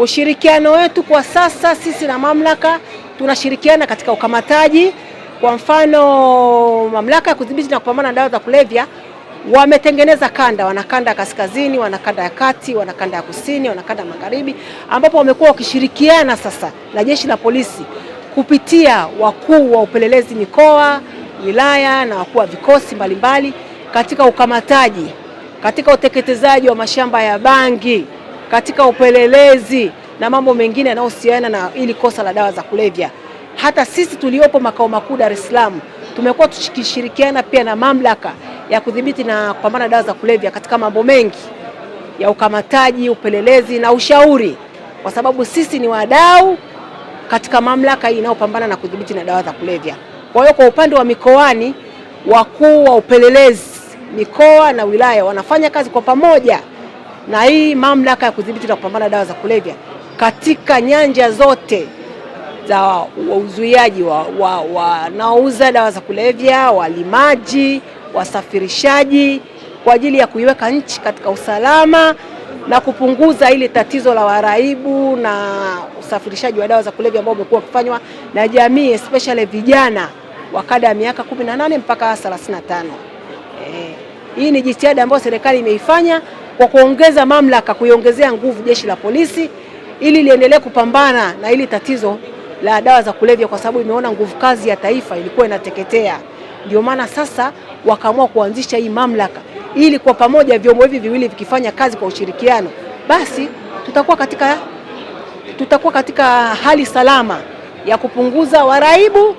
Ushirikiano wetu kwa sasa, sisi na mamlaka tunashirikiana katika ukamataji. Kwa mfano, mamlaka ya kudhibiti na kupambana na dawa za kulevya wametengeneza kanda, wana kanda ya kaskazini, wana kanda ya kati, wana kanda ya kusini, wana kanda ya magharibi, ambapo wamekuwa wakishirikiana sasa na jeshi la polisi kupitia wakuu wa upelelezi mikoa, wilaya na wakuu wa vikosi mbalimbali katika ukamataji, katika uteketezaji wa mashamba ya bangi katika upelelezi na mambo mengine yanayohusiana na ili kosa la dawa za kulevya. Hata sisi tuliopo makao makuu Dar es Salaam tumekuwa tukishirikiana pia na mamlaka ya kudhibiti na kupambana na dawa za kulevya katika mambo mengi ya ukamataji, upelelezi na ushauri, kwa sababu sisi ni wadau katika mamlaka hii inayopambana na kudhibiti na dawa za kulevya. Kwa hiyo, kwa upande wa mikoani, wakuu wa upelelezi mikoa na wilaya wanafanya kazi kwa pamoja na hii mamlaka ya kudhibiti na kupambana dawa za kulevya katika nyanja zote za uzuiaji wa wanaouza wa, dawa za kulevya, walimaji, wasafirishaji, kwa ajili ya kuiweka nchi katika usalama na kupunguza ile tatizo la waraibu na usafirishaji wa dawa za kulevya ambao umekuwa ukifanywa na jamii especially vijana wa kada ya miaka 18 mpaka 35. Hii ni jitihada ambayo serikali imeifanya kwa kuongeza mamlaka, kuiongezea nguvu jeshi la polisi ili liendelee kupambana na hili tatizo la dawa za kulevya, kwa sababu imeona nguvu kazi ya taifa ilikuwa inateketea. Ndio maana sasa wakaamua kuanzisha hii mamlaka, ili kwa pamoja vyombo hivi viwili vikifanya kazi kwa ushirikiano, basi tutakuwa katika, tutakuwa katika hali salama ya kupunguza waraibu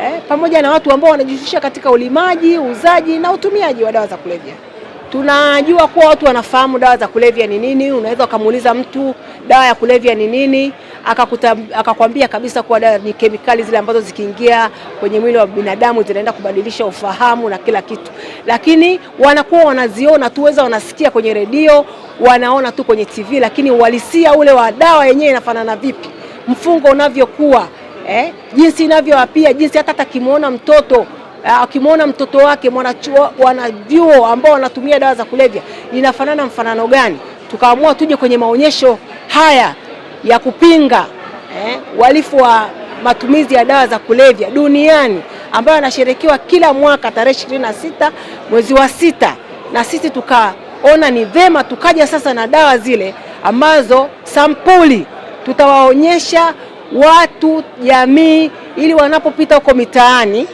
eh, pamoja na watu ambao wanajihusisha katika ulimaji, uuzaji na utumiaji wa dawa za kulevya. Tunajua kuwa watu wanafahamu dawa za kulevya ni nini. Unaweza ukamuuliza mtu dawa ya kulevya ni nini, akakwambia kabisa kuwa dawa ni kemikali zile ambazo zikiingia kwenye mwili wa binadamu zinaenda kubadilisha ufahamu na kila kitu, lakini wanakuwa wanaziona tuweza, wanasikia kwenye redio, wanaona tu kwenye TV, lakini uhalisia ule wa dawa yenyewe inafanana vipi, mfungo unavyokuwa eh, jinsi inavyowapia jinsi hata akimwona mtoto eh, akimwona mtoto wake wanavyuo ambao wanatumia dawa za kulevya inafanana mfanano gani. Tukaamua tuje kwenye maonyesho haya ya kupinga eh, uhalifu wa matumizi ya dawa za kulevya duniani ambayo anasherekewa kila mwaka tarehe ishirini na sita mwezi wa sita, na sisi tukaona ni vema tukaja sasa na dawa zile ambazo sampuli tutawaonyesha watu jamii, ili wanapopita huko mitaani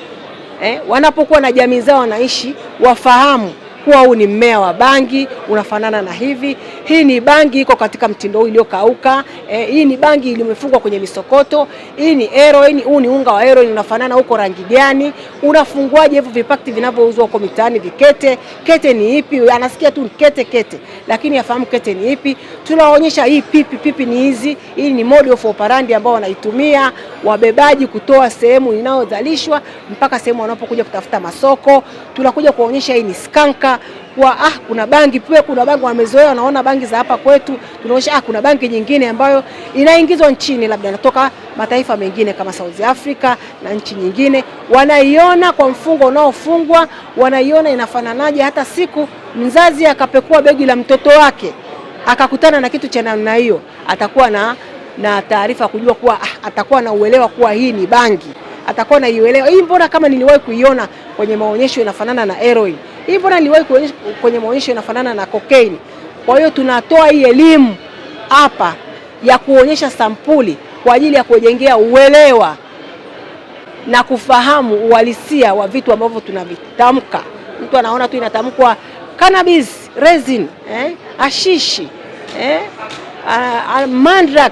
eh, wanapokuwa na jamii zao wanaishi, wafahamu kuwa huu ni mmea wa bangi, unafanana na hivi. Hii ni bangi iko katika mtindo huu iliyokauka. Eh, hii ni bangi iliyofungwa kwenye misokoto hii ni heroin, huu ni unga wa heroin, unafanana huko rangi gani, unafunguaje hivyo vipakti vinavyouzwa huko mitaani vikete, kete ni ipi? Anasikia tu kete kete, lakini afahamu kete ni ipi? Tunaonyesha hii pipi, pipi ni hizi, hii ni model of operandi ambao wanaitumia wabebaji kutoa sehemu inayozalishwa mpaka sehemu wanapokuja kutafuta masoko. Tunakuja kuonyesha hii ni skanka kuwa ah, kuna bangi pia, kuna bangi wamezoea, wanaona bangi za hapa kwetu tunaosha, ah, kuna bangi nyingine ambayo inaingizwa nchini labda inatoka mataifa mengine kama South Africa na nchi nyingine, wanaiona kwa mfungo unaofungwa, wanaiona inafananaje. Hata siku mzazi akapekua begi la mtoto wake akakutana na kitu cha namna hiyo, atakuwa na na taarifa kujua kuwa ah, atakuwa na uelewa kuwa hii ni bangi, atakuwa na uelewa hii, mbona kama niliwahi kuiona kwenye maonyesho inafanana na heroin. Hii bwana niliwahi kwenye maonyesho inafanana na kokaini. Kwa hiyo tunatoa hii elimu hapa ya kuonyesha sampuli kwa ajili ya kujengea uelewa na kufahamu uhalisia wa vitu ambavyo tunavitamka. Mtu anaona tu inatamkwa cannabis, resin, eh, ashishi, eh, uh, mandrax,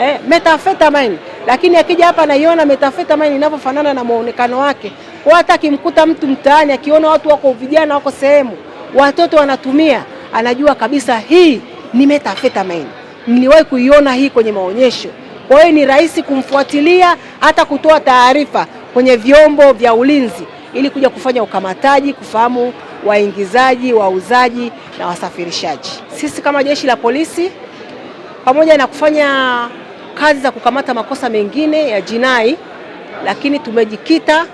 eh, metafetamine, lakini akija hapa anaiona metafetamine inavyofanana na muonekano wake hata akimkuta mtu mtaani akiona watu wako vijana wako sehemu watoto wanatumia, anajua kabisa hii ni methamphetamine. Niliwahi kuiona hii kwenye maonyesho. Kwa hiyo ni rahisi kumfuatilia, hata kutoa taarifa kwenye vyombo vya ulinzi ili kuja kufanya ukamataji, kufahamu waingizaji, wauzaji na wasafirishaji. Sisi kama jeshi la polisi, pamoja na kufanya kazi za kukamata makosa mengine ya jinai, lakini tumejikita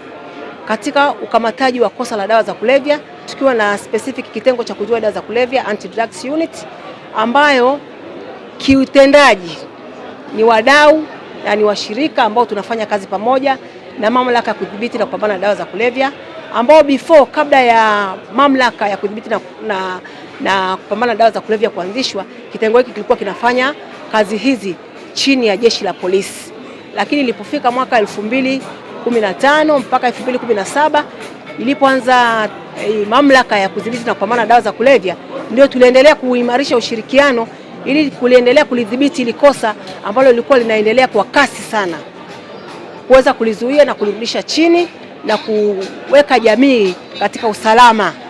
katika ukamataji wa kosa la dawa za kulevya, tukiwa na specific kitengo cha kujua dawa za kulevya anti drugs unit, ambayo kiutendaji ni wadau na ni washirika ambao tunafanya kazi pamoja na mamlaka ya kudhibiti na kupambana na dawa za kulevya ambao before kabla ya mamlaka ya kudhibiti na, na, na kupambana na dawa za kulevya kuanzishwa, kitengo hiki kilikuwa kinafanya kazi hizi chini ya jeshi la polisi, lakini ilipofika mwaka elfu mbili 2015 mpaka 2017 ilipoanza eh, mamlaka ya kudhibiti na kupambana na dawa za kulevya, ndio tuliendelea kuimarisha ushirikiano ili kuliendelea kulidhibiti ili kosa ambalo lilikuwa linaendelea kwa kasi sana, kuweza kulizuia na kulirudisha chini na kuweka jamii katika usalama.